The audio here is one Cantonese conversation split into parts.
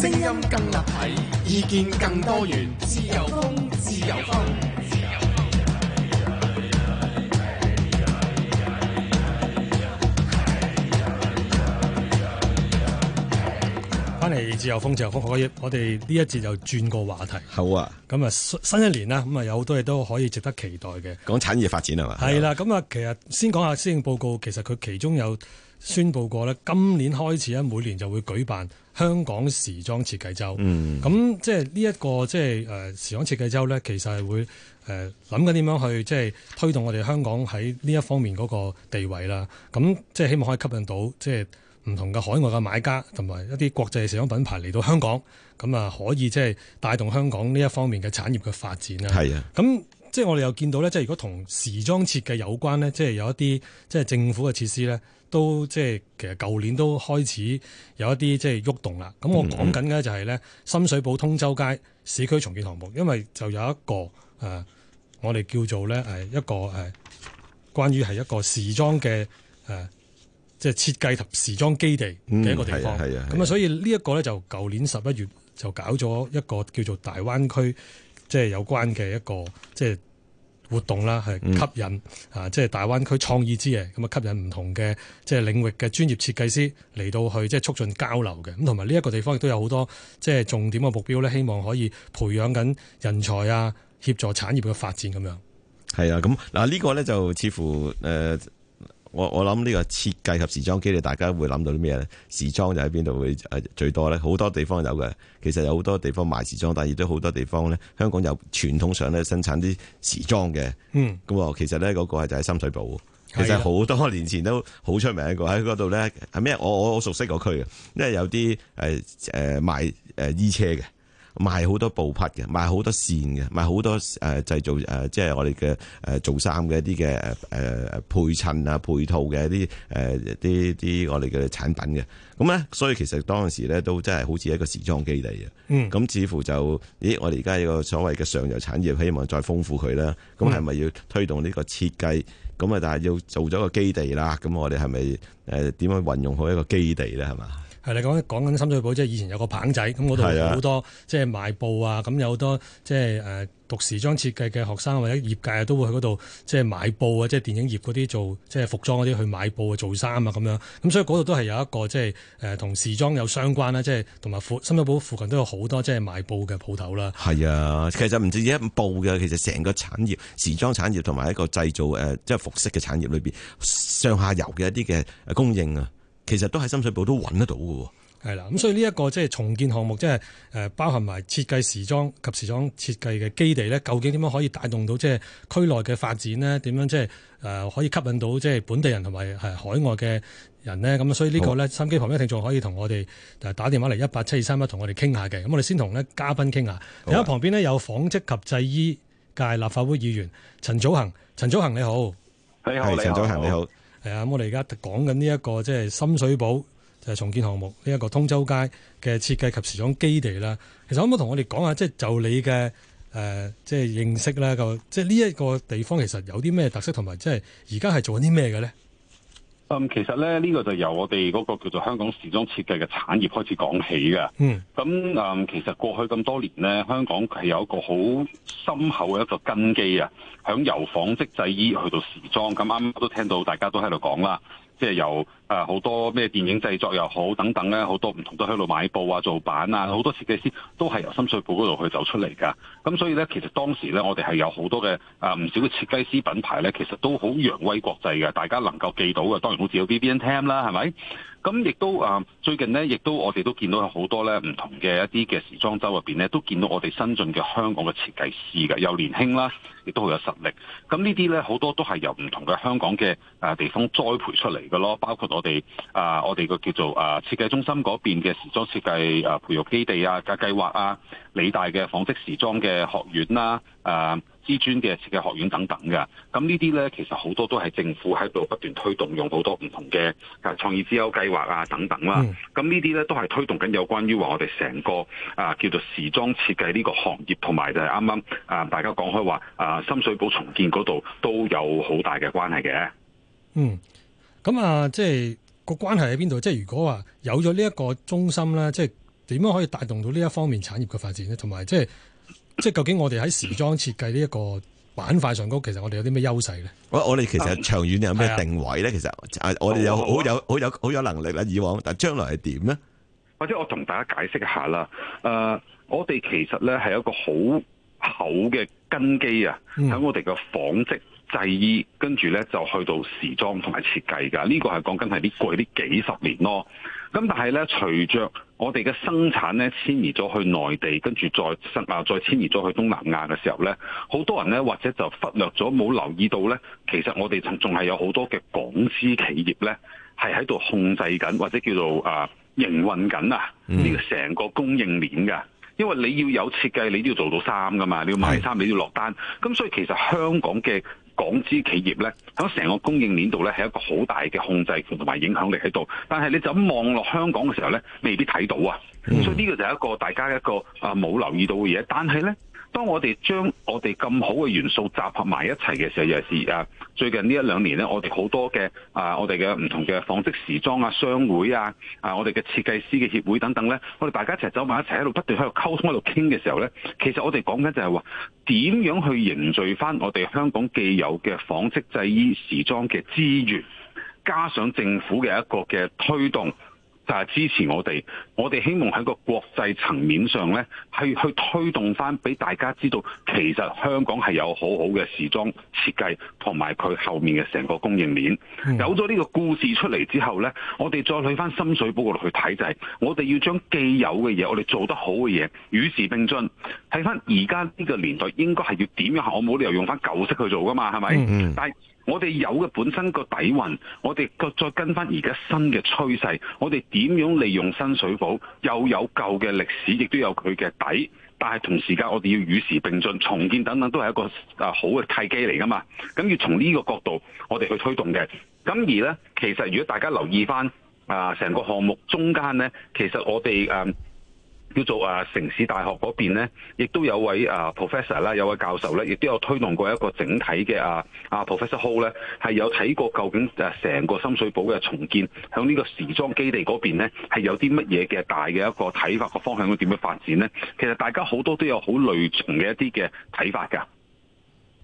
聲音更立體，意見更多元，自由風，自由風，自由風。翻嚟自由風，自由風，可以，我哋呢一節就轉個話題。好啊，咁啊新一年啦，咁啊有好多嘢都可以值得期待嘅。講產業發展係嘛？係啦，咁啊，其實先講下施政報告，其實佢其中有。宣布過咧，今年開始咧，每年就會舉辦香港時裝設計周。嗯。咁即係呢一個即係誒時裝設計周咧，其實係會誒諗緊點樣去即係推動我哋香港喺呢一方面嗰個地位啦。咁即係希望可以吸引到即係唔同嘅海外嘅買家，同埋一啲國際時裝品牌嚟到香港，咁啊可以即係帶動香港呢一方面嘅產業嘅發展啦。係啊，咁即係我哋又見到咧，即係如果同時裝設計有關咧，即係有一啲即係政府嘅設施咧，都即係其實舊年都開始有一啲即係喐動啦。咁、嗯、我講緊嘅就係咧，深水埗通州街市區重建項目，因為就有一個誒、呃、我哋叫做咧誒一個誒、呃、關於係一個時裝嘅誒、呃、即係設計及時裝基地嘅一個地方。咁、嗯、啊，啊啊所以呢一個咧就舊年十一月就搞咗一個叫做大灣區即係有關嘅一個即係。活動啦，係吸引、嗯、啊，即係大灣區創意之夜咁啊，吸引唔同嘅即係領域嘅專業設計師嚟到去，即係促進交流嘅。咁同埋呢一個地方亦都有好多即係重點嘅目標咧，希望可以培養緊人才啊，協助產業嘅發展咁樣。係啊，咁嗱呢個咧就似乎誒。呃我我諗呢個設計及時裝基地，大家會諗到啲咩咧？時裝就喺邊度會誒最多咧？好多地方有嘅，其實有好多地方賣時裝，但亦都好多地方咧，香港有傳統上咧生產啲時裝嘅。嗯，咁啊，其實咧嗰個係就喺深水埗，其實好多年前都好出名一個喺嗰度咧。係咩？我我熟悉嗰區嘅，因為有啲誒誒賣誒衣車嘅。賣好多布匹嘅，賣好多線嘅，賣好多誒製造誒、呃，即係我哋嘅誒做衫嘅一啲嘅誒誒配襯啊配套嘅啲誒啲啲我哋嘅產品嘅，咁、嗯、咧所以其實當時咧都真係好似一個時裝基地啊，咁、嗯、似乎就咦我哋而家有一個所謂嘅上游產業，希望再豐富佢啦，咁係咪要推動呢個設計？咁啊、嗯、但係要做咗個基地啦，咁我哋係咪誒點樣運用好一個基地咧？係嘛？係你講講緊深水埗，即係以前有個棚仔咁，嗰度好多即係買布啊，咁有好多即係誒讀時裝設計嘅學生或者業界啊，都會去嗰度即係買布啊，即係電影業嗰啲做即係服裝嗰啲去買布啊、做衫啊咁樣。咁所以嗰度都係有一個即係誒同時裝有相關啦，即係同埋深水埗附近都有好多即係買布嘅鋪頭啦。係啊，其實唔止一布嘅，其實成個產業時裝產業同埋一個製造誒，即係服飾嘅產業裏邊上下游嘅一啲嘅供應啊。其實都喺深水埗都揾得到嘅，係啦。咁所以呢一個即係重建項目，即係誒包含埋設計時裝及時裝設計嘅基地咧，究竟點樣可以帶動到即係區內嘅發展呢？點樣即係誒可以吸引到即係本地人同埋係海外嘅人呢？咁所以呢、這個呢，心機好旁邊聽眾可以同我哋誒打電話嚟，一八七二三一同我哋傾下嘅。咁我哋先同呢嘉賓傾下。而家、啊、旁邊呢，有紡織及製衣界立法會議員陳祖恒，陳祖恒你好，你好，陳祖恒你好。誒、嗯，我哋而家講緊呢一個即係深水埗就係、是、重建項目呢一、這個通州街嘅設計及時裝基地啦。其實可唔可以同我哋講下，即係就你嘅誒、呃、即係認識啦，即係呢一個地方其實有啲咩特色，同埋即係而家係做緊啲咩嘅咧？咁、um, 其實咧，呢、這個就由我哋嗰個叫做香港時裝設計嘅產業開始講起嘅。Mm. 嗯，咁嗯其實過去咁多年咧，香港係有一個好深厚嘅一個根基啊，響由紡織製衣去到時裝。咁啱啱都聽到大家都喺度講啦。即係由啊好、呃、多咩電影製作又好等等咧，好多唔同都喺度買布啊、做版啊，好多設計師都係由深水埗嗰度去走出嚟噶。咁所以咧，其實當時咧，我哋係有好多嘅啊唔少嘅設計師品牌咧，其實都好揚威國際嘅。大家能夠記到嘅，當然好似有 Vivienne Tam 啦，係咪？咁亦都啊，最近呢，亦都我哋都見到有好多呢唔同嘅一啲嘅時裝周入邊呢，都見到我哋新進嘅香港嘅設計師嘅，又年輕啦，亦都好有實力。咁呢啲呢，好多都係由唔同嘅香港嘅啊地方栽培出嚟嘅咯，包括我哋啊，我哋個叫做啊設計中心嗰邊嘅時裝設計啊培育基地啊嘅計劃啊，理大嘅紡織時裝嘅學院啦，啊，啊。知專嘅設計學院等等嘅，咁呢啲呢，其實好多都係政府喺度不斷推動，用好多唔同嘅啊創意智優計劃啊等等啦。咁呢啲呢，都係推動緊有關於話我哋成個啊叫做時裝設計呢個行業，同埋就係啱啱啊大家講開話啊深水埗重建嗰度都有好大嘅關係嘅。嗯，咁啊，即係、個關係喺邊度？即係如果話有咗呢一個中心呢，即係點樣可以帶動到呢一方面產業嘅發展呢？同埋即係。即係究竟我哋喺時裝設計呢一個板塊上高，其實我哋有啲咩優勢咧？我我哋其實長遠有咩定位咧？其實我哋有好，好，好，好有好有好有能力啦！以往，但係將來係點咧？或者我同大家解釋一下啦。誒、呃，我哋其實咧係一個好厚嘅根基啊！喺、嗯、我哋嘅紡織製衣，跟住咧就去到時裝同埋設計㗎。呢、這個係講緊係過去啲幾十年咯。咁但係咧，隨着。我哋嘅生產咧遷移咗去內地，跟住再新啊再遷移咗去東南亞嘅時候咧，好多人咧或者就忽略咗冇留意到咧，其實我哋仲仲係有好多嘅港資企業咧，係喺度控制緊或者叫做啊營運緊啊呢個成個供應鏈嘅，因為你要有設計，你都要做到衫噶嘛，你要買衫的你要落單，咁所以其實香港嘅。港資企業咧，喺成個供應鏈度咧，係一個好大嘅控制同埋影響力喺度。但係你就咁望落香港嘅時候咧，未必睇到啊。嗯、所以呢個就係一個大家一個啊冇留意到嘅嘢。但係咧。當我哋將我哋咁好嘅元素集合埋一齊嘅時候，尤其係啊，最近呢一兩年咧，我哋好多嘅啊，我哋嘅唔同嘅紡織時裝啊，商會啊，啊，我哋嘅設計師嘅協會等等咧，我哋大家一齊走埋一齊喺度不斷喺度溝通喺度傾嘅時候咧，其實我哋講緊就係話，點樣去凝聚返我哋香港既有嘅紡織製衣時裝嘅資源，加上政府嘅一個嘅推動。就係支持我哋，我哋希望喺個國際層面上呢，係去，去推動翻俾大家知道，其實香港係有好好嘅時裝設計，同埋佢後面嘅成個供應鏈。 有咗呢個故事出嚟之後呢，我哋再去翻深水埗嗰度去睇就係、是，我哋要將既有嘅嘢，我哋做得好嘅嘢與時並進，睇翻而家呢個年代應該係要點樣行？我冇理由用翻舊式去做噶嘛，係咪？嗯嗯。 我哋有嘅本身個底蘊，我哋再跟翻而家新嘅趨勢，我哋點樣利用深水埗又有舊嘅歷史，亦都有佢嘅底。但係同時間，我哋要與時並進，重建等等都係一個啊、呃、好嘅契機嚟㗎嘛。咁要從呢個角度，我哋去推動嘅。咁而呢，其實如果大家留意翻啊，成、呃、個項目中間呢，其實我哋誒。呃叫做啊城市大學嗰邊咧，亦都有位啊 professor 啦，有位教授咧，亦都有推動過一個整體嘅啊啊 professor Hall 咧，係有睇過究竟誒成個深水埗嘅重建，響呢個時裝基地嗰邊咧，係有啲乜嘢嘅大嘅一個睇法，個方向會點樣發展咧？其實大家好多都有好類同嘅一啲嘅睇法㗎。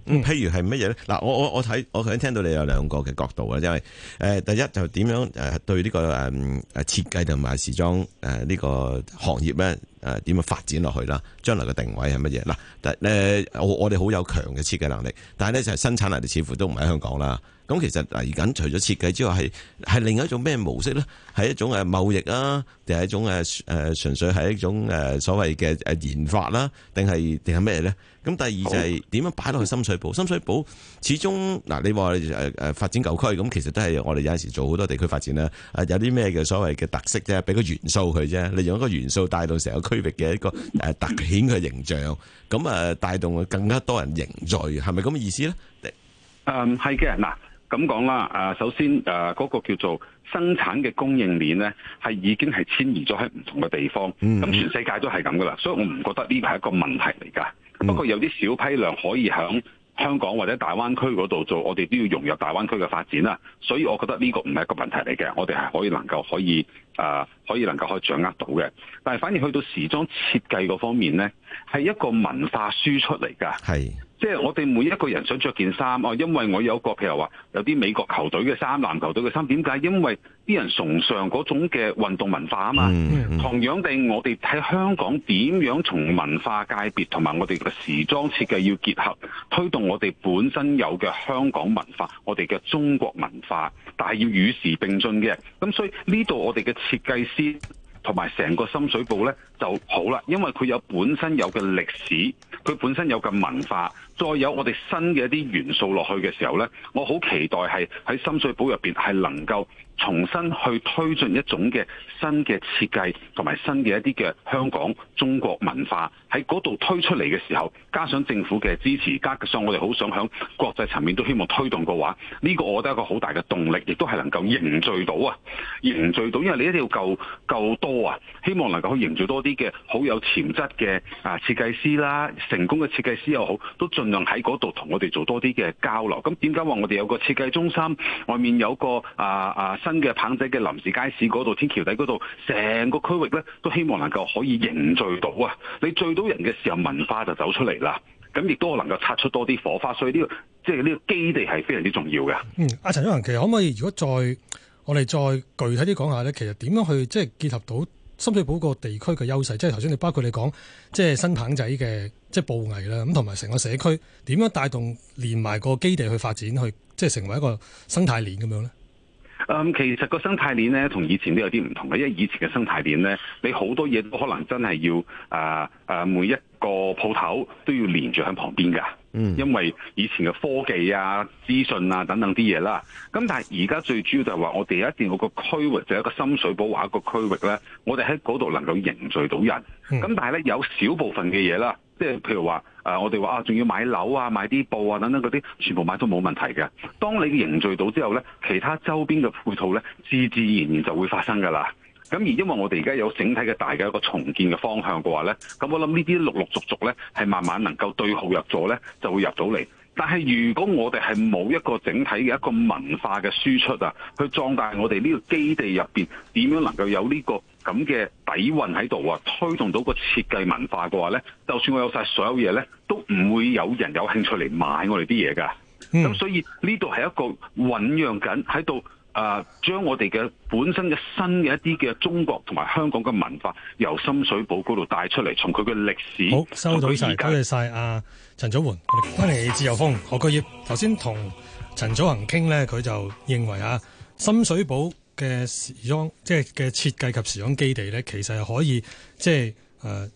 嗯，譬如係乜嘢呢？我我我睇，我想聽到你有兩個嘅角度啊，因為誒第一就點樣誒對呢個誒誒設計同埋時裝誒呢個行業呢。誒，點樣發展落去啦？將來嘅定位係乜嘢？嗱，誒、呃，我我哋好有強嘅設計能力，但係咧就係、是、生產能力，似乎都唔係喺香港啦。咁其實嚟緊、呃、除咗設計之外，係係另一種咩模式咧？係一種誒貿易啊，定、呃、係一種誒誒純粹係一種誒所謂嘅誒研發啦，定係定係咩咧？咁第二就係點樣擺落去深水埗？深水埗始終嗱、呃，你話誒誒發展舊區，咁其實都係我哋有陣時做好多地區發展啦。啊、呃，有啲咩嘅所謂嘅特色啫，俾個元素佢啫。你用，用一個元素帶到成個區。區域嘅一個誒突顯嘅形象，咁啊帶動佢更加多人凝聚，係咪咁嘅意思咧？誒、嗯，係嘅，嗱，咁講啦，誒，首先誒嗰、那個叫做生產嘅供應鏈咧，係已經係遷移咗喺唔同嘅地方，咁、嗯、全世界都係咁噶啦，所以我唔覺得呢個係一個問題嚟噶，不過有啲小批量可以響香港或者大灣區嗰度做，我哋都要融入大灣區嘅發展啦，所以我覺得呢個唔係一個問題嚟嘅，我哋係可以能夠可以誒、呃，可以能夠可以掌握到嘅。但係反而去到時裝設計嗰方面呢，係一個文化輸出嚟㗎，係。即係我哋每一個人想着件衫哦，因為我有個譬如話有啲美國球隊嘅衫、籃球隊嘅衫，點解？因為啲人崇尚嗰種嘅運動文化啊嘛。同樣地，我哋喺香港點樣從文化界別同埋我哋嘅時裝設計要結合，推動我哋本身有嘅香港文化、我哋嘅中國文化，但係要與時並進嘅。咁所以呢度我哋嘅設計師同埋成個深水埗咧就好啦，因為佢有本身有嘅歷史，佢本身有嘅文化。再有我哋新嘅一啲元素落去嘅時候咧，我好期待係喺深水埗入邊，係能夠。重新去推進一種嘅新嘅設計同埋新嘅一啲嘅香港中國文化喺嗰度推出嚟嘅時候，加上政府嘅支持，加上我哋好想響國際層面都希望推動嘅話，呢個我覺得一個好大嘅動力，亦都係能夠凝聚到啊，凝聚到，因為你一定要夠夠多啊，希望能夠去凝聚多啲嘅好有潛質嘅啊設計師啦，成功嘅設計師又好，都盡量喺嗰度同我哋做多啲嘅交流。咁點解話我哋有個設計中心，外面有個啊啊？啊新嘅棚仔嘅臨時街市嗰度，天橋底嗰度，成個區域咧都希望能夠可以凝聚到啊！你聚到人嘅時候，文化就走出嚟啦。咁亦都能夠擦出多啲火花，所以呢個即係呢個基地係非常之重要嘅。嗯，阿陳祖恒，其實可唔可以如果再我哋再具體啲講下咧，其實點樣去即係結合到深水埗個地區嘅優勢，即係頭先你包括你講即係新棚仔嘅即係布藝啦，咁同埋成個社區點樣帶動連埋個基地去發展，去即係成為一個生態鏈咁樣咧？誒、嗯，其實個生態鏈咧，同以前都有啲唔同嘅，因為以前嘅生態鏈咧，你好多嘢都可能真係要啊啊、呃呃、每一個鋪頭都要連住喺旁邊噶，因為以前嘅科技啊、資訊啊等等啲嘢啦。咁但係而家最主要就係話，我哋一定有一個區域就係、一個深水埗或一個區域咧，我哋喺嗰度能夠凝聚到人。咁、嗯、但係咧，有少部分嘅嘢啦，即係譬如話。誒、啊，我哋話啊，仲要買樓啊，買啲布啊，等等嗰啲，全部買都冇問題嘅。當你凝聚到之後呢，其他周邊嘅配套呢，自自然然就會發生㗎啦。咁而因為我哋而家有整體嘅大嘅一個重建嘅方向嘅話呢，咁我諗呢啲陸陸續續呢，係慢慢能夠對號入座呢，就會入到嚟。但係如果我哋係冇一個整體嘅一個文化嘅輸出啊，去壯大我哋呢個基地入邊，點樣能夠有呢、呢個？咁嘅底蘊喺度啊，推動到個設計文化嘅話咧，就算我有晒所有嘢咧，都唔會有人有興趣嚟買我哋啲嘢噶。咁、嗯、所以呢度係一個醞釀緊喺度，誒，將、呃、我哋嘅本身嘅新嘅一啲嘅中國同埋香港嘅文化，由深水埗嗰度帶出嚟，從佢嘅歷史。好，收到晒，多謝晒啊，陳祖恒，歡迎自由風何國業。頭先同陳祖恒傾咧，佢就認為啊，深水埗。嘅時裝即係嘅設計及時裝基地呢，其實係可以即係誒、呃、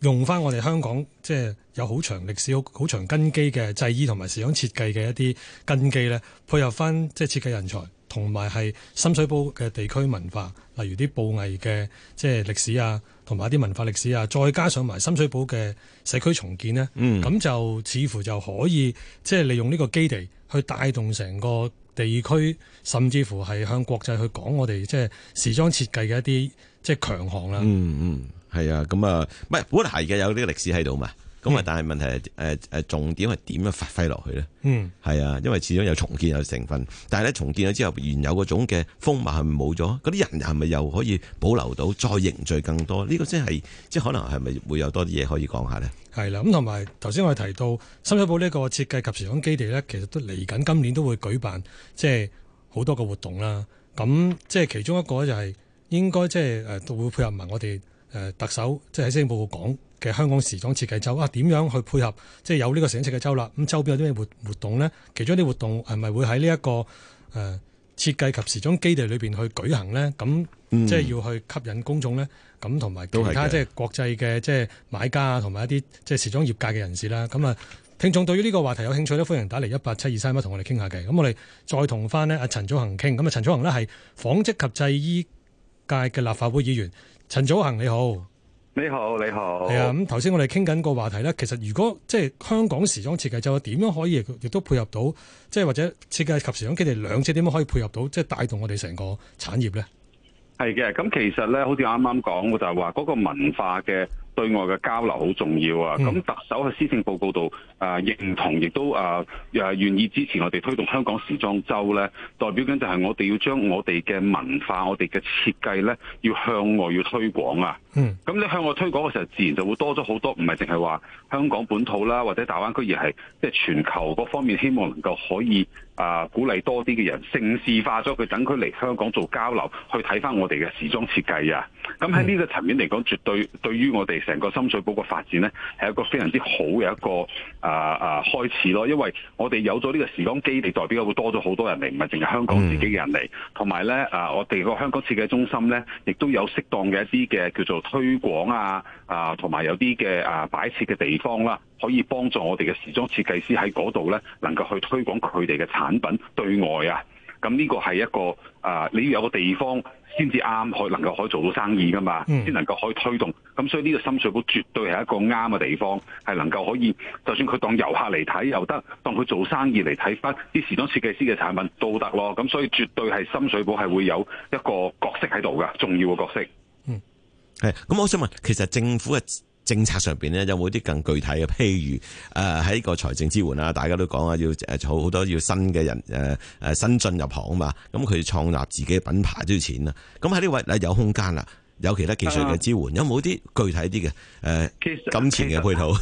用翻我哋香港即係有好長歷史、好好長根基嘅製衣同埋時裝設計嘅一啲根基呢，配合翻即係設計人才，同埋係深水埗嘅地區文化，例如啲布藝嘅即係歷史啊，同埋啲文化歷史啊，再加上埋深水埗嘅社區重建呢，咁、嗯、就似乎就可以即係利用呢個基地去帶動成個地區甚至乎係向國際去講我哋即係時裝設計嘅一啲即係強項啦、嗯。嗯、啊、嗯，係啊，咁啊，唔係，本嚟係嘅有呢個歷史喺度嘛。咁啊！但係問題係誒誒重點係點樣發揮落去咧？嗯，係啊，因為始終有重建有成分，但係咧重建咗之後，原有嗰種嘅風貌係咪冇咗？嗰啲人係咪又可以保留到，再凝聚更多？呢個真係即係可能係咪會有多啲嘢可以講下咧？係啦，咁同埋頭先我哋提到深水埗呢個設計及時裝基地咧，其實都嚟緊今年都會舉辦即係好多個活動啦。咁即係其中一個咧，就係應該即係都會配合埋我哋誒特首，即係喺施政報告講嘅香港時裝設計周啊，點樣去配合？即係有呢個時裝設計周啦，咁、嗯、周邊有啲咩活活動呢？其中啲活動係咪會喺呢一個誒、呃、設計及時裝基地裏邊去舉行呢？咁即係要去吸引公眾呢？咁同埋其他即係、嗯、國際嘅即係買家啊，同埋一啲即係時裝業界嘅人士啦。咁啊，聽眾對於呢個話題有興趣咧，歡迎打嚟一八七二三一，同、啊、我哋傾下偈。咁我哋再同翻呢，阿陳祖恒傾。咁啊，陳祖恒呢，係紡織及製衣界嘅立法會議員。陳祖恒你好。你好，你好係啊。咁頭先我哋傾緊個話題咧，其實如果即係香港時裝設計就點樣可以亦都配合到，即係或者設計及時裝基地佢哋兩者點樣可以配合到，即係帶動我哋成個產業咧？係嘅。咁、嗯、其實咧，好似我啱啱講，就係話嗰個文化嘅。對外嘅交流好重要啊！咁、嗯、特首喺施政報告度誒認同，亦都誒願、呃呃、意支持我哋推動香港時裝周咧，代表緊就係我哋要將我哋嘅文化、我哋嘅設計咧，要向外要推廣啊！嗯，咁你向外推廣嘅時候，自然就會多咗好多，唔係淨係話香港本土啦，或者大灣區，而係即係全球各方面，希望能夠可以。啊、呃！鼓勵多啲嘅人盛事化咗，佢等佢嚟香港做交流，去睇翻我哋嘅時裝設計啊！咁喺呢個層面嚟講，絕對對於我哋成個深水埗嘅發展呢，係一個非常之好嘅一個、呃、啊啊開始咯！因為我哋有咗呢個時裝基地，代表會多咗好多人嚟，唔係淨係香港自己嘅人嚟。同埋呢，啊、呃，我哋個香港設計中心呢，亦都有適當嘅一啲嘅叫做推廣啊啊，同、呃、埋有啲嘅啊擺設嘅地方啦、啊，可以幫助我哋嘅時裝設計師喺嗰度呢，能夠去推廣佢哋嘅產品。產品、嗯、對外啊，咁呢個係一個誒、呃，你要有個地方先至啱，可能夠可以做到生意噶嘛，先能夠可以推動。咁所以呢個深水埗絕對係一個啱嘅地方，係能夠可以，就算佢當遊客嚟睇又得，當佢做生意嚟睇翻啲時裝設計師嘅產品都得咯。咁所以絕對係深水埗係會有一個角色喺度噶，重要嘅角色。嗯，係。咁我想問，其實政府係？政策上邊咧有冇啲更具體嘅？譬如誒喺個財政支援啊，大家都講啊，要誒做好多要新嘅人誒誒新進入行啊嘛，咁佢創立自己品牌都要錢啦。咁喺呢位啊有空間啦，有其他技術嘅支援，啊、有冇啲具體啲嘅誒金錢嘅配套？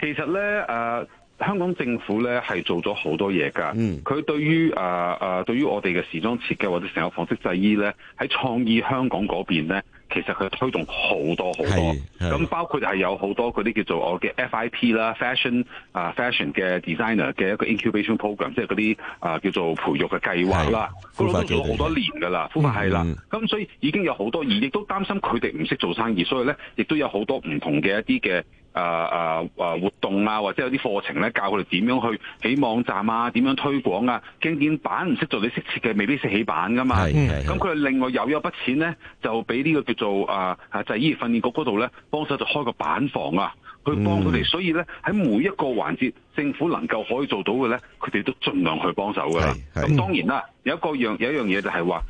其實咧誒、啊，香港政府咧係做咗好多嘢㗎。嗯，佢對於誒誒、啊、對於我哋嘅時裝設計或者成個紡織製衣咧，喺創意香港嗰邊咧。其實佢推動好多好多，咁包括係有好多嗰啲叫做我嘅 FIP 啦、fashion 啊、uh,、fashion 嘅 designer 嘅一個 incubation program，即係嗰啲啊叫做培育嘅計劃啦。嗰度的都做咗好多年噶啦，係啦的。咁、嗯嗯、所以已經有好多，而亦都擔心佢哋唔識做生意，所以咧亦都有好多唔同嘅一啲嘅。誒誒誒，活動啊，或者有啲課程咧，教佢哋點樣去起網站啊，點樣推廣啊。經典版唔識做你，你識設嘅未必識起版噶嘛。係咁佢哋另外又有一筆錢咧，就俾呢個叫做誒誒、啊，就係製衣訓練局嗰度咧，幫手就開個板房啊，去幫佢哋。所以咧，喺每一個環節，政府能夠可以做到嘅咧，佢哋都盡量去幫手噶啦。咁、嗯、當然啦，有一個樣有一樣嘢就係話。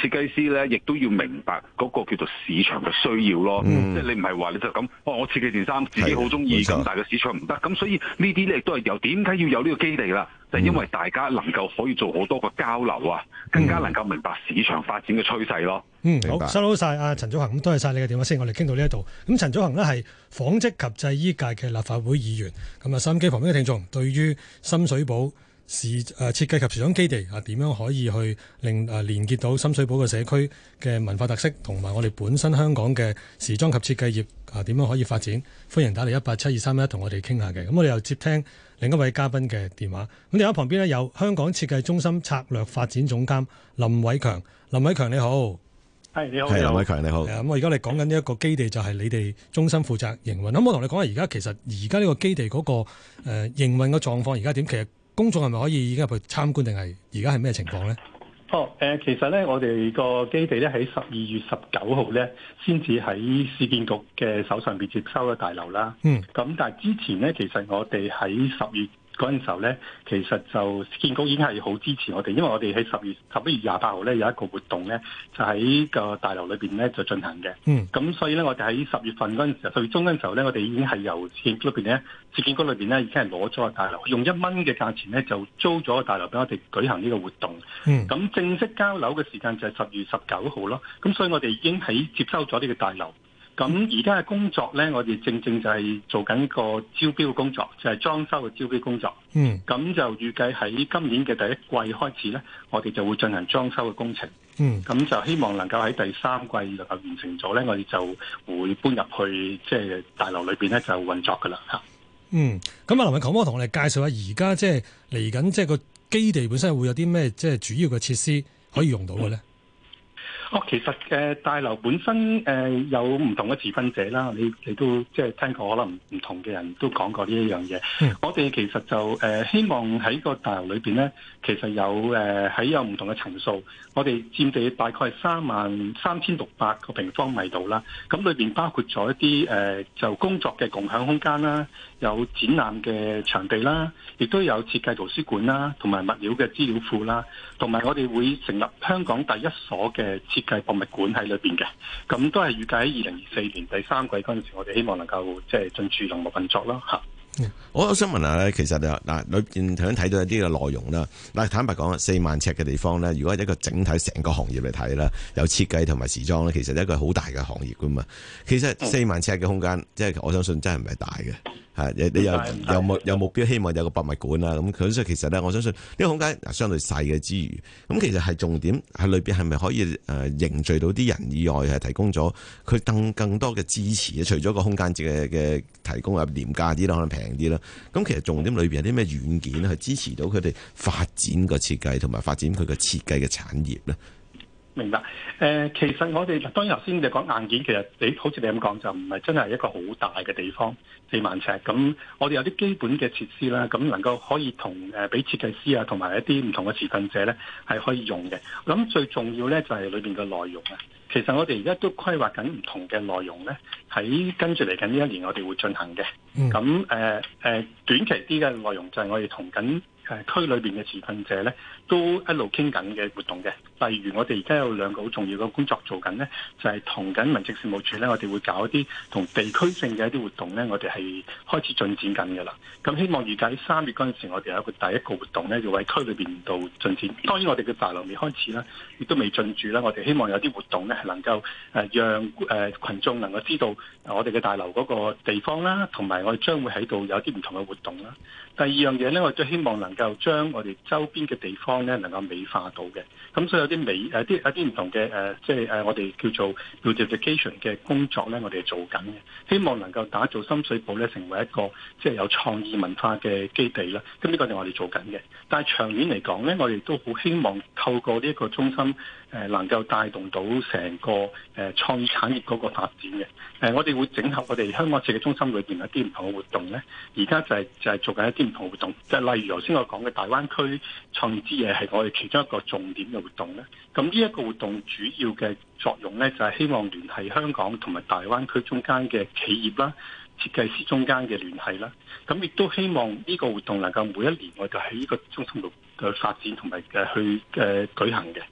設計師咧，亦都要明白嗰個叫做市場嘅需要咯，嗯、即係你唔係話你就咁、哦，我設計件衫自己好中意，咁的大嘅市場唔得，咁的所以呢啲咧亦都係由點解要有呢個基地啦？就係、因為大家能夠可以做好多個交流啊，更加能夠明白市場發展嘅趨勢咯。嗯，好，白收到晒，阿陳祖恒，多謝晒你嘅電話先，我哋傾到呢一度。咁陳祖恒呢係紡織及製衣界嘅立法會議員，咁啊，收音機旁邊嘅聽眾，對於深水埗。時誒設計及時裝基地啊，點樣可以去令誒、啊、連結到深水埗嘅社區嘅文化特色，同埋我哋本身香港嘅時裝及設計業啊，點樣可以發展？歡迎打嚟一八七二三一，同、嗯、我哋傾下嘅。咁我哋又接聽另一位嘉賓嘅電話。咁電話旁邊咧有香港設計中心策略發展總監林偉強。林偉強你好，係你好，係、啊、林偉強你好。咁我而家你講緊呢一個基地，就係你哋中心負責營運。咁我同你講下而家、嗰個呃，其實而家呢個基地嗰個誒營運嘅狀況而家點？其實。公眾係咪可以而家入去參觀，定係而家係咩情況咧？哦，誒、呃，其實咧，我哋個基地咧喺十二月十九號咧，先至喺市建局嘅手上邊接收咗大樓啦。嗯。咁但係之前咧，其實我哋喺十月……嗰陣時候咧，其實就市建局已經係好支持我哋，因為我哋喺十月十一月廿八號咧有一個活動咧，就喺個大樓裏邊咧就進行嘅。嗯，咁所以咧，我哋喺十月份嗰陣時候，十月中嗰陣時候咧，我哋已經係由市建局裏邊咧，市建局裏邊咧已經係攞咗個大樓，用一蚊嘅價錢咧就租咗個大樓俾我哋舉行呢個活動。嗯，咁正式交樓嘅時間就係十月十九號咯。咁所以我哋已經喺接收咗呢個大樓。咁而家嘅工作咧，我哋正正就係做緊個招標工作，就係、是、裝修嘅招標工作。嗯，咁就預計喺今年嘅第一季開始咧，我哋就會進行裝修嘅工程。嗯，咁就希望能夠喺第三季能夠完成咗咧，我哋就會搬入去即係大樓裏邊咧就運作噶啦，吓。嗯，咁阿林偉強哥，同我哋介紹下而家即係嚟緊即係個基地本身會有啲咩即係主要嘅設施可以用到嘅咧？嗯嗯我其實誒大樓本身誒有唔同嘅持份者啦，你你都即係聽過可能唔同嘅人都講過呢一樣嘢。的我哋其實就誒希望喺個大樓裏邊咧，其實有誒喺有唔同嘅層數。我哋佔地大概係三萬三千六百個平方米度啦。咁裏邊包括咗一啲誒就工作嘅共享空間啦，有展覽嘅場地啦，亦都有設計圖書館啦，同埋物料嘅資料庫啦，同埋我哋會成立香港第一所嘅設計博物館喺裏邊嘅，咁都係預計喺二零二四年第三季嗰陣時，我哋希望能夠即係進駐用物運作咯吓。我想問下咧，其實啊嗱，裏邊頭睇到一啲嘅內容啦，嗱坦白講四萬尺嘅地方咧，如果係一個整體成個行業嚟睇啦，有設計同埋時裝咧，其實一個好大嘅行業噶嘛。其實四萬尺嘅空間，即係我相信真係唔係大嘅。係，你有有目有目標，希望有個博物館啦。咁，所以其實咧，我相信呢個空間相對細嘅之餘，咁其實係重點喺裏邊係咪可以誒凝聚到啲人以外，係提供咗佢更更多嘅支持。除咗個空間嘅嘅提供啊，廉價啲啦，可能平啲啦。咁其實重點裏邊有啲咩軟件去支持到佢哋發展個設計，同埋發展佢個設計嘅產業咧？明白，誒、呃、其實我哋當然頭先你講硬件，其實你好似你咁講就唔係真係一個好大嘅地方，四萬尺咁，我哋有啲基本嘅設施啦，咁能夠可以同誒俾設計師啊，同埋一啲唔同嘅持份者咧，係可以用嘅。咁最重要咧就係裏邊嘅內容啊，其實我哋而家都在規劃緊唔同嘅內容咧，喺跟住嚟緊呢一年我哋會進行嘅，咁誒誒短期啲嘅內容就係我哋同緊。誒區裏邊嘅持份者咧，都一路傾緊嘅活動嘅。例如我哋而家有兩個好重要嘅工作做緊咧，就係同緊民政事務處咧，我哋會搞一啲同地區性嘅一啲活動咧，我哋係開始進展緊嘅啦。咁希望預計三月嗰陣時，我哋有一個第一個活動咧，要喺區裏邊度進展。當然我哋嘅大樓未開始啦，亦都未進駐啦。我哋希望有啲活動咧係能夠誒讓誒羣眾能夠知道我哋嘅大樓嗰個地方啦，同埋我哋將會喺度有啲唔同嘅活動啦。第二樣嘢咧，我哋都希望能。能夠將我哋周邊嘅地方咧，能夠美化到嘅，咁、嗯、所以有啲美誒，啲一啲唔同嘅誒、呃，即係誒、呃，我哋叫做 education 嘅工作咧，我哋做緊嘅，希望能夠打造深水埗咧，成為一個即係有創意文化嘅基地啦。咁呢個就我哋做緊嘅，但係長遠嚟講咧，我哋都好希望透過呢一個中心。誒能夠帶動到成個誒創意產業嗰個發展嘅，誒，我哋會整合我哋香港設計中心裏邊一啲唔同嘅活動咧、就是。而家就係就係做緊一啲唔同嘅活動，即係例如頭先我講嘅大灣區創意之夜係我哋其中一個重點嘅活動咧。咁呢一個活動主要嘅作用咧，就係希望聯繫香港同埋大灣區中間嘅企業啦、設計師中間嘅聯繫啦。咁亦都希望呢個活動能夠每一年我哋就喺呢個中心度嘅發展同埋嘅去嘅舉行嘅。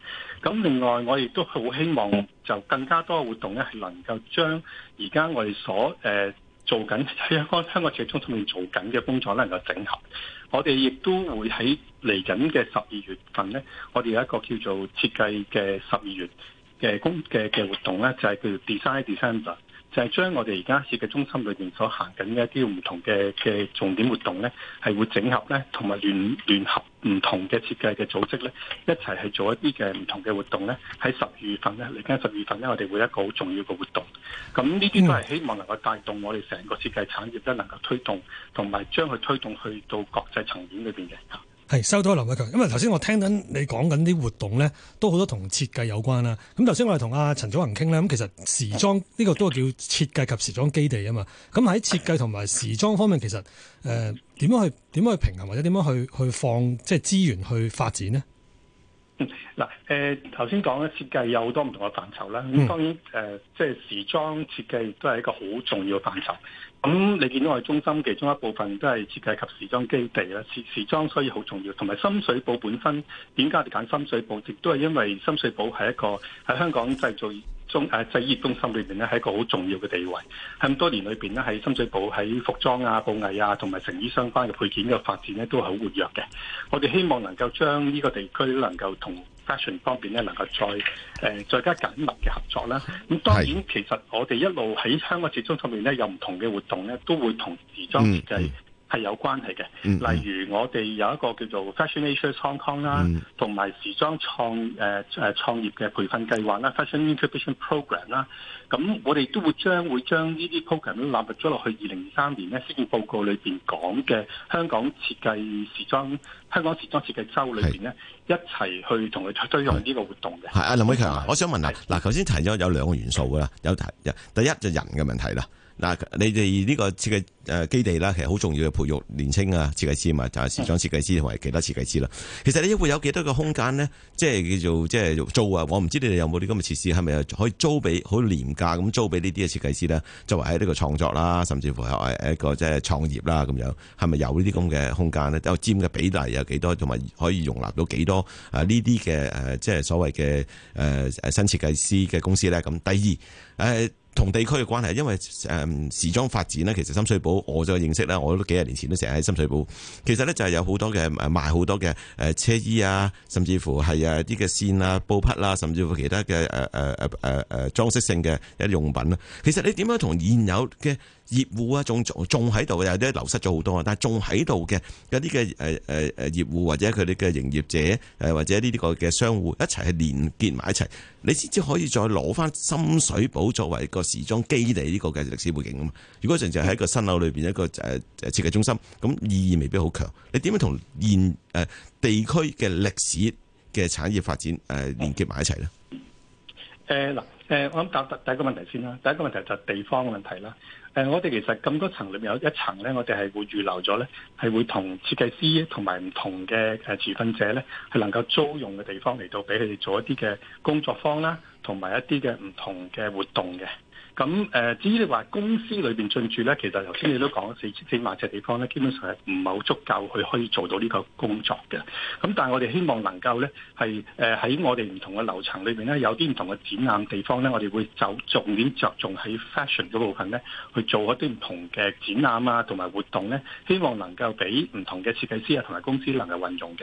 咁另外，我亦都好希望就更加多嘅活動咧，係能夠將而家我哋所誒、呃、做緊喺一個香港設計中心做緊嘅工作咧，能夠整合。我哋亦都會喺嚟緊嘅十二月份咧，我哋有一個叫做設計嘅十二月嘅工嘅嘅活動咧，就係、是、叫做 Design Design 就係將我哋而家設計中心裏邊所行緊嘅一啲唔同嘅嘅重點活動咧，係會整合咧，同埋聯聯合唔同嘅設計嘅組織咧，一齊去做一啲嘅唔同嘅活動咧。喺十月份咧，嚟緊十月份咧，我哋會一個好重要嘅活動。咁呢啲都係希望能夠帶動我哋成個設計產業咧，能夠推動，同埋將佢推動去到國際層面裏邊嘅。係，收到，啦，林偉強。因為，頭先我聽緊你講緊啲活動咧，都好多同設計有關啦。咁頭先我哋同阿陳祖恒傾咧，咁其實時裝呢、這個都係叫設計及時裝基地啊嘛。咁喺設計同埋時裝方面，其實誒點、呃、樣去點樣去平衡，或者點樣去去放即係、就是、資源去發展呢？嗱、嗯，誒頭先講嘅設計有好多唔同嘅範疇啦。咁、嗯、當然誒，即、呃、係、就是、時裝設計亦都係一個好重要嘅範疇。咁、嗯、你見到我哋中心其中一部分都係設計及時裝基地啦，時時裝所以好重要，同埋深水埗本身點解我哋揀深水埗，亦都係因為深水埗係一個喺香港製造中誒製衣中心裏邊咧係一個好重要嘅地位。喺咁多年裏邊咧，喺深水埗喺服裝啊、布藝啊同埋成衣相關嘅配件嘅發展咧都係好活躍嘅。我哋希望能夠將呢個地區能夠同。方面咧能夠再誒再加緊密嘅合作啦。咁當然其實我哋一路喺香港節目方面咧有唔同嘅活動咧，都會同時裝設計。係有關係嘅，例如我哋有一個叫做 Fashion Asia Hong Kong 啦、嗯，同埋時裝創誒誒、呃、創業嘅培訓計劃啦，Fashion Innovation Program 啦、啊。咁我哋都會將會將呢啲 program 都納入咗落去二零二三年咧施政報告裏邊講嘅香港設計時裝、香港時裝設計周裏邊咧，是一齊去同佢推廣呢個活動嘅。係啊的，林偉強啊，的我想問下，嗱的，頭先提咗有兩個元素㗎啦，有的第一第一就人嘅問題啦。嗱，你哋呢個設計誒基地啦，其實好重要嘅培育年青啊設計師嘛，就係時裝設計師同埋其他設計師啦。其實你會有幾多個空間呢？即係叫做即係租啊！我唔知你哋有冇啲咁嘅設施，係咪可以租俾好廉價咁租俾呢啲嘅設計師呢？作為喺呢個創作啦，甚至乎係一個即係創業啦咁樣，係咪有呢啲咁嘅空間呢？有佔嘅比例有幾多，同埋可以容納到幾多啊？呢啲嘅誒，即係所謂嘅誒誒新設計師嘅公司咧。咁第二誒。同地區嘅關係，因為誒時裝發展咧，其實深水埗我就認識咧，我都幾廿年前都成日喺深水埗。其實咧就係有好多嘅誒賣好多嘅誒車衣啊，甚至乎係啊啲嘅線啊、布匹啊，甚至乎其他嘅誒誒誒誒誒裝飾性嘅一啲用品啦。其實你點樣同現有嘅？業戶啊，仲仲喺度，有啲流失咗好多，但係仲喺度嘅有啲嘅誒誒誒業戶或者佢哋嘅營業者誒或者呢啲個嘅商戶一齊係連結埋一齊，你先至可以再攞返深水埗作為一個時裝基地呢個嘅歷史背景啊嘛！如果純粹係一個新樓裏邊一個誒誒設計中心，咁意義未必好強。你點樣同現誒地區嘅歷史嘅產業發展誒、呃、連結埋一齊咧？誒嗱誒，我諗答第一個問題先啦。第一個問題就係地方嘅問題啦。誒，我哋其實咁多層裏面有一層咧，我哋係會預留咗咧，係會設計同設計師同埋唔同嘅誒持份者咧，係、呃呃呃呃呃、能夠租用嘅地方嚟到俾佢哋做一啲嘅工作坊啦，同埋一啲嘅唔同嘅活動嘅。咁誒、嗯，至於你話公司裏邊進駐咧，其實頭先你都講四千四萬尺地方咧，基本上係唔係好足夠去可以做到呢個工作嘅。咁但係我哋希望能夠咧，係誒喺我哋唔同嘅樓層裏邊咧，有啲唔同嘅展覽地方咧，我哋會走重點着重喺 fashion 嗰部分咧，去做一啲唔同嘅展覽啊，同埋活動咧，希望能夠俾唔同嘅設計師啊，同埋公司能夠運用嘅。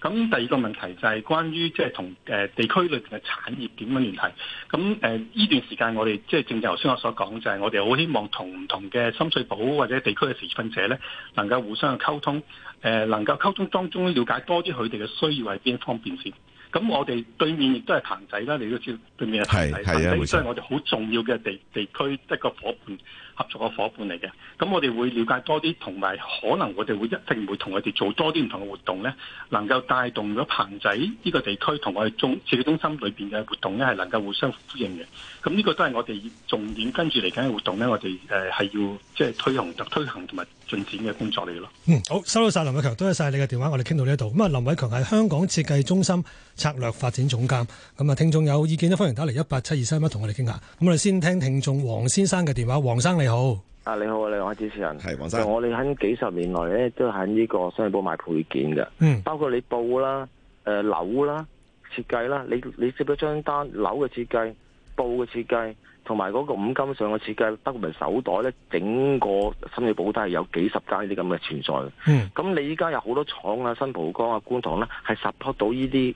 咁第二個問題就係關於即係同誒地區裏邊嘅產業點樣聯繫？咁誒呢段時間我哋即係正正頭先我所講就係、是、我哋好希望同唔同嘅深水埗或者地區嘅持民者咧，能夠互相溝通，誒、呃、能夠溝通當中了解多啲佢哋嘅需要係邊一方面先。咁我哋對面亦都係棚仔啦，你都知道對面係棚仔，所以我哋好重要嘅地地區一個伙伴。合作嘅伙伴嚟嘅，咁我哋會了解多啲，同埋可能我哋會一定會同佢哋做多啲唔同嘅活動呢，能夠帶動咗棚仔呢個地區同我哋中設計中心裏邊嘅活動呢係能夠互相呼應嘅。咁呢個都係我哋重點跟住嚟緊嘅活動呢我哋誒係要即係推行、推行同埋進展嘅工作嚟嘅咯。嗯，好，收到晒林偉強，多謝晒你嘅電話，我哋傾到呢一度。咁啊，林偉強係香港設計中心策略發展總監。咁啊，聽眾有意見咧，歡迎打嚟一八七二三一，同我哋傾下。咁我哋先聽聽眾黃先生嘅電話，黃生你好，啊你好，我係主持人，係黃生。我哋喺幾十年來咧，都喺呢個深水埗買配件嘅，嗯，包括你布啦，誒、呃，樓啦，設計啦，你你接咗張單，樓嘅設計，布嘅設計，同埋嗰個五金上嘅設計，包括埋手袋咧，整個深水埗都係有幾十間呢啲咁嘅存在。嗯，咁你依家有好多廠啊，新蒲崗啊，觀塘啦，係 support 到呢啲。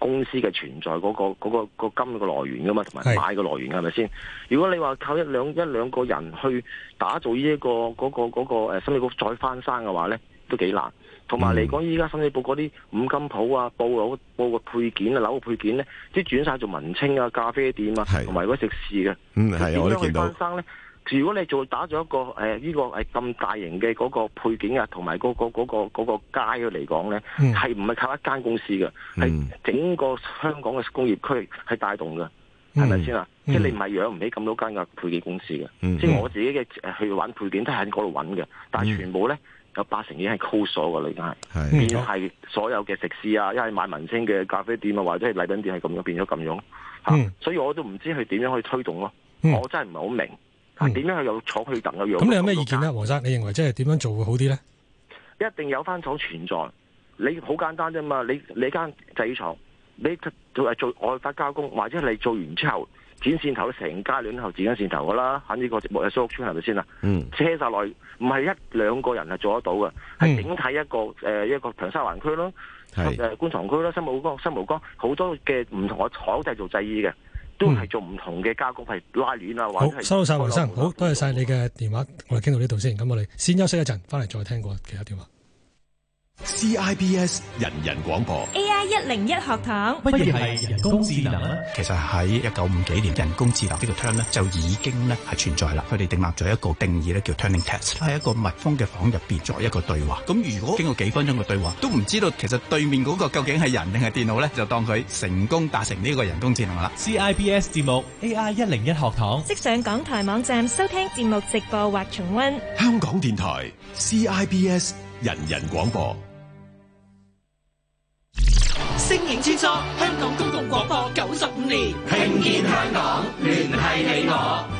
公司嘅存在嗰、那個嗰、那個那個、金嘅來源噶嘛，同埋買嘅來源噶係咪先？如果你話靠一兩一兩個人去打造呢、這、一個嗰、那個嗰、那個誒深水埗再翻生嘅話咧，都幾難。同埋嚟講，依家、嗯、深水埗嗰啲五金鋪啊、布佬布嘅配件啊、樓嘅配件咧，即轉晒做文青啊、咖啡店啊，同埋嗰啲食肆嘅，點、嗯、樣去翻生咧？如果你做打咗一個誒呢、呃這個誒咁大型嘅嗰個配件啊，同埋嗰個嗰個嗰個街嚟講咧，係唔係靠一間公司嘅？係、嗯、整個香港嘅工業區係帶動嘅，係咪先啊？是是嗯、即係你唔係養唔起咁多間嘅配件公司嘅？嗯、即係我自己嘅、呃、去搵配件都喺嗰度搵嘅，但係全部咧有八成已經係 close 咗嘅，而家變咗係所有嘅食肆啊，一係買文青嘅咖啡店啊，或者係禮品店係咁樣變咗咁樣吓、啊，所以我都唔知佢點樣去推動咯、啊嗯啊，我真係唔係好明。唔點樣去有坐去等嘅樣？咁你有咩意見咧，黃生？你認為即係點樣做會好啲咧？一定有翻廠存在，你好簡單啫嘛。你你間製衣廠，你佢係做外發加工，或者你做完之後剪線頭，成家亂後剪緊線頭噶啦。喺呢個莫泰蘇屋村係咪先啊？嗯，車曬落唔係一兩個人係做得到嘅，係整體一個誒、呃、一個坪山環區長沙灣區咯，誒、嗯是呃、觀塘區咯，新蒲崗、新蒲崗好多嘅唔同嘅廠製造製衣嘅。.都係做唔同嘅加工，係拉鏈啊，或者係收到晒，黃生，好，好多謝晒你嘅電話，嗯、我哋傾到呢度先，咁我哋先休息一陣，翻嚟再聽過其他電話。CIBS 人人廣播 AI 一零一學堂，乜嘢係人工智能咧？其實喺一九五幾年，人工智能呢個 term 咧就已經咧係存在啦。佢哋訂立咗一個定義咧，叫 turning test，喺、啊、一個密封嘅房入邊作一個對話。咁如果經過幾分鐘嘅對話，都唔知道其實對面嗰個究竟係人定係電腦咧，就當佢成功達成呢個人工智能啦。CIBS 節目 AI 一零一學堂，即上港台網站收聽節目直播或重温。香港電台 CIBS 人人廣播。聲影穿梭香港公共廣播九十五年，聽見香港，聯繫你我。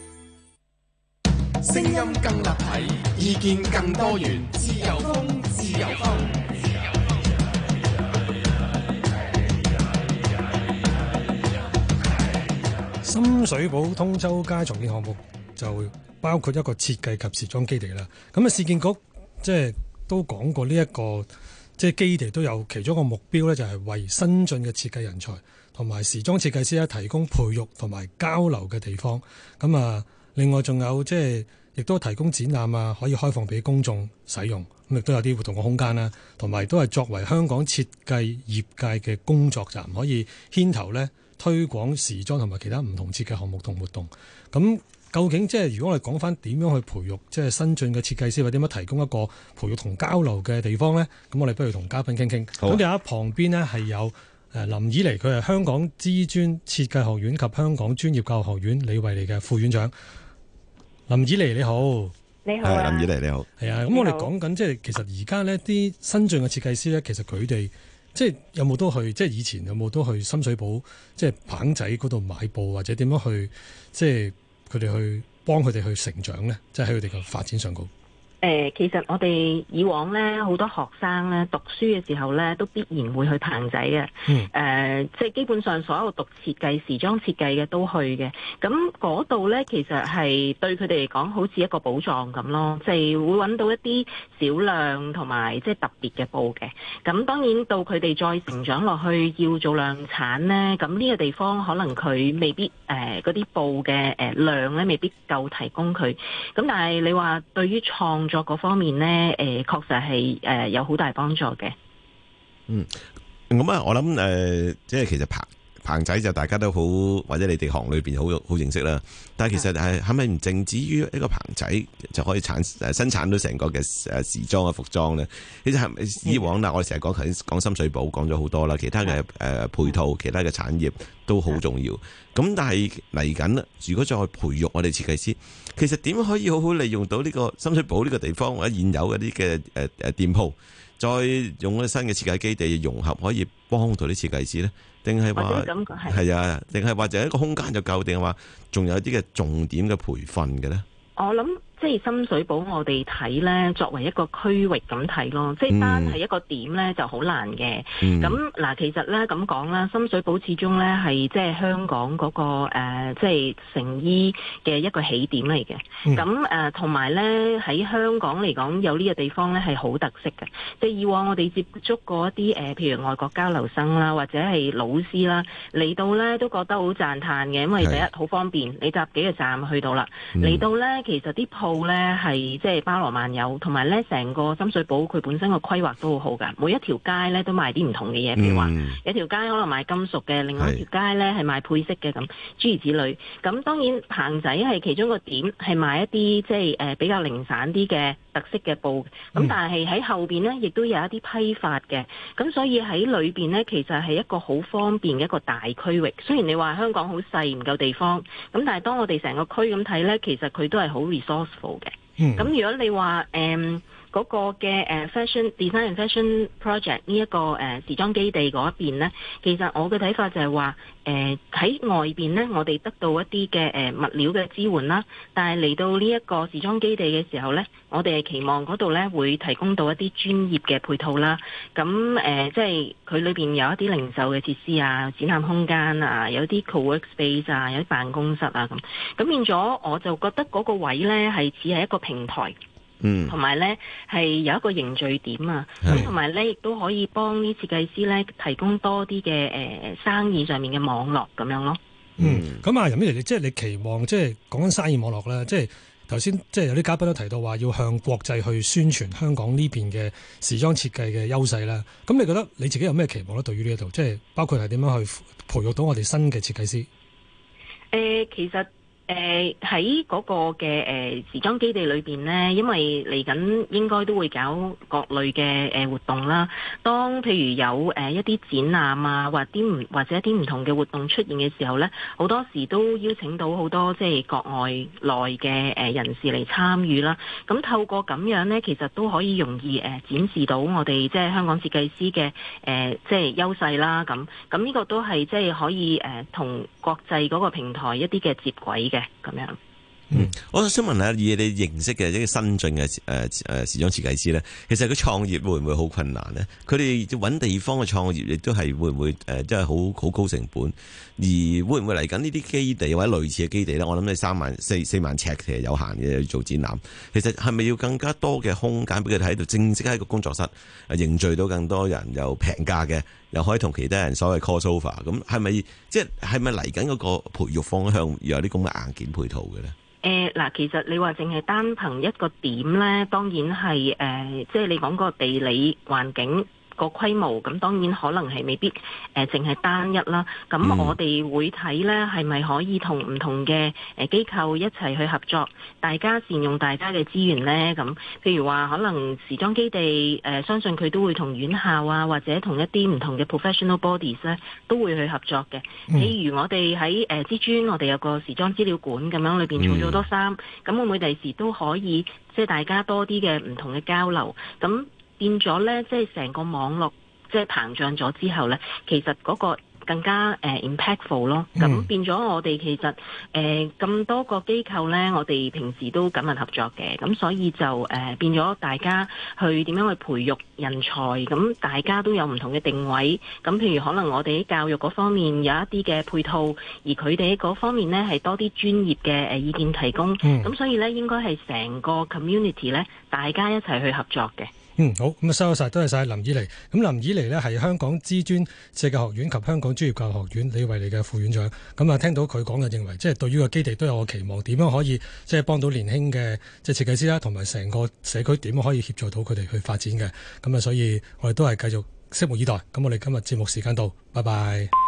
聲音更立體，意見更多元，自由風，自由風，自由風。深水埗通州街重建項目就包括一個設計及時裝基地啦。咁啊，市建局即係都講過呢一個即係基地都有其中一個目標咧，就係為新進嘅設計人才同埋時裝設計師咧提供培育同埋交流嘅地方。咁啊。另外仲有即係亦都提供展覽啊，可以開放俾公眾使用，咁亦都有啲活動嘅空間啦，啊，同埋都係作為香港設計業界嘅工作站，可以牽頭咧推廣時裝同埋其他唔同設計項目同活動。咁究竟即係如果我哋講翻點樣去培育即係新進嘅設計師或者點樣提供一個培育同交流嘅地方咧？咁我哋不如同嘉賓傾傾。咁、啊、有一旁邊咧係有誒林綺妮，佢係香港知專設計學院及香港專業教育學院李惠利嘅副院長。林綺妮，你好，你好、啊，係、啊、林綺妮，你好，係啊好，咁、嗯、我哋講緊即係其實而家呢啲新進嘅設計師咧，其實佢哋即係有冇都去，即係以前有冇都去深水埗即係棚仔嗰度買布，或者點樣去，即係佢哋去幫佢哋去成長咧，即係喺佢哋嘅發展上高。誒，其實我哋以往咧，好多學生咧讀書嘅時候咧，都必然會去棚仔嘅。誒、嗯，即係、呃就是、基本上所有讀設計、時裝設計嘅都去嘅。咁嗰度咧，其實係對佢哋嚟講好似一個寶藏咁咯，即、就、係、是、會揾到一啲少量同埋即係特別嘅布嘅。咁當然到佢哋再成長落去要做量產咧，咁呢個地方可能佢未必誒嗰啲布嘅誒量咧未必夠提供佢。咁但係你話對於創作嗰方面咧，誒確實係誒有好大幫助嘅。嗯，咁啊，我諗誒，即係其實拍。棚仔就大家都好，或者你哋行裏邊好好認識啦。但係其實係係咪唔淨止於一個棚仔就可以產生產到成個嘅誒時裝嘅服裝呢？其實係咪以往嗱，嗯、我成日講講深水埗講咗好多啦，其他嘅誒配套、其他嘅產業都好重要。咁、嗯、但係嚟緊啦，如果再培育我哋設計師，其實點可以好好利用到呢個深水埗呢個地方或者現有嘅啲嘅誒誒店鋪，再用咗新嘅設計基地融合，可以幫到啲設計師呢？定係話，係啊？定係話就一個空間就夠，定係話仲有一啲嘅重點嘅培訓嘅咧？我諗。即係深水埗，我哋睇呢作為一個區域咁睇咯，即係單係一個點呢就好難嘅。咁嗱，其實呢，咁講啦，深水埗始終呢係即係香港嗰個誒，即係成衣嘅一個起點嚟嘅。咁誒同埋呢，喺香港嚟講，有呢個地方呢係好特色嘅。即係以往我哋接觸過一啲誒，譬如外國交流生啦，或者係老師啦嚟到呢都覺得好讚歎嘅，因為第一好方便，你搭幾個站去到啦。嚟到呢，其實啲鋪布呢係即係包羅萬有，同埋呢成個深水埗佢本身個規劃都好好㗎。每一條街呢都賣啲唔同嘅嘢，譬如話有條街可能賣金屬嘅，另外一條街呢係賣配飾嘅咁，是諸如此類。咁當然棚仔係其中一個點，係賣一啲即係誒、呃、比較零散啲嘅特色嘅布。咁、嗯、但係喺後邊呢，亦都有一啲批發嘅，咁所以喺裏邊呢，其實係一個好方便嘅一個大區域。雖然你話香港好細唔夠地方，咁但係當我哋成個區咁睇呢，其實佢都係好 resource。嘅，咁、mm. 如果你話誒，Um 嗰個嘅誒 fashion design and fashion project 呢一個誒時裝基地嗰一邊呢，其實我嘅睇法就係話誒喺外邊呢，我哋得到一啲嘅誒物料嘅支援啦。但係嚟到呢一個時裝基地嘅時候呢，我哋期望嗰度呢會提供到一啲專業嘅配套啦。咁誒、呃，即係佢裏邊有一啲零售嘅設施啊、展覽空間啊、有啲 co-work space 啊、有啲辦公室啊咁。咁變咗，我就覺得嗰個位呢係只係一個平台。嗯，同埋咧係有一個凝聚點啊，咁同埋咧亦都可以幫啲設計師咧提供多啲嘅誒生意上面嘅網絡咁樣咯。嗯，咁啊，任女士，你即係你期望，即係講緊生意網絡咧，即係頭先即係有啲嘉賓都提到話要向國際去宣傳香港呢邊嘅時裝設計嘅優勢咧。咁你覺得你自己有咩期望咧？對於呢一度，即係包括係點樣去培育到我哋新嘅設計師？誒、呃，其實。誒喺嗰個嘅誒、呃、時裝基地裏邊呢，因為嚟緊應該都會搞各類嘅誒、呃、活動啦。當譬如有誒、呃、一啲展覽啊，或啲或者一啲唔同嘅活動出現嘅時候呢，好多時都邀請到好多即係國外來嘅誒人士嚟參與啦。咁、嗯、透過咁樣呢，其實都可以容易誒、呃、展示到我哋即係香港設計師嘅誒、呃、即係優勢啦。咁咁呢個都係即係可以誒、呃、同國際嗰個平台一啲嘅接軌嘅咁樣。嗯、我想問下以你認識嘅一個新晉嘅誒誒時裝、呃、設計師咧，其實佢創業會唔會好困難咧？佢哋揾地方嘅創業亦都係會唔會誒，即係好好高成本？而會唔會嚟緊呢啲基地或者類似嘅基地咧？我諗你三萬四四萬尺其實有限嘅，要做展覽，其實係咪要更加多嘅空間俾佢哋喺度正式喺個工作室凝聚到更多人又平價嘅，又可以同其他人所謂 crossover 咁係咪？即係係咪嚟緊嗰個培育方向要有啲咁嘅硬件配套嘅咧？誒，嗱、呃，其實你話淨係單憑一個點咧，當然係誒，即、呃、係、就是、你講個地理環境。個規模咁當然可能係未必誒，淨、呃、係單一啦。咁我哋會睇呢係咪可以同唔同嘅誒機構一齊去合作，大家善用大家嘅資源呢。咁譬如話，可能時裝基地誒、呃，相信佢都會同院校啊，或者一同一啲唔同嘅 professional bodies 咧、啊，都會去合作嘅。嗯、譬如我哋喺誒知專，我哋有個時裝資料館咁樣裏邊做咗多衫，咁會唔會第時都可以即係大家多啲嘅唔同嘅交流咁？變咗呢，即係成個網絡即係膨脹咗之後呢，其實嗰個更加誒、呃、impactful 咯。咁、嗯、變咗我哋其實誒咁、呃、多個機構呢，我哋平時都緊密合作嘅。咁所以就誒、呃、變咗大家去點樣去培育人才，咁大家都有唔同嘅定位。咁譬如可能我哋喺教育嗰方面有一啲嘅配套，而佢哋喺嗰方面呢係多啲專業嘅意見提供。咁、嗯、所以呢，應該係成個 community 呢，大家一齊去合作嘅。嗯，好，咁啊，收咗晒，多謝晒林綺妮。咁林綺妮呢係香港知專設計學院及香港專業教育學院李惠利嘅副院長。咁啊，聽到佢講嘅認為，即係對於個基地都有個期望，點樣可以即係幫到年輕嘅即係設計師啦，同埋成個社區點樣可以協助到佢哋去發展嘅。咁啊，所以我哋都係繼續拭目以待。咁我哋今日節目時間到，拜拜。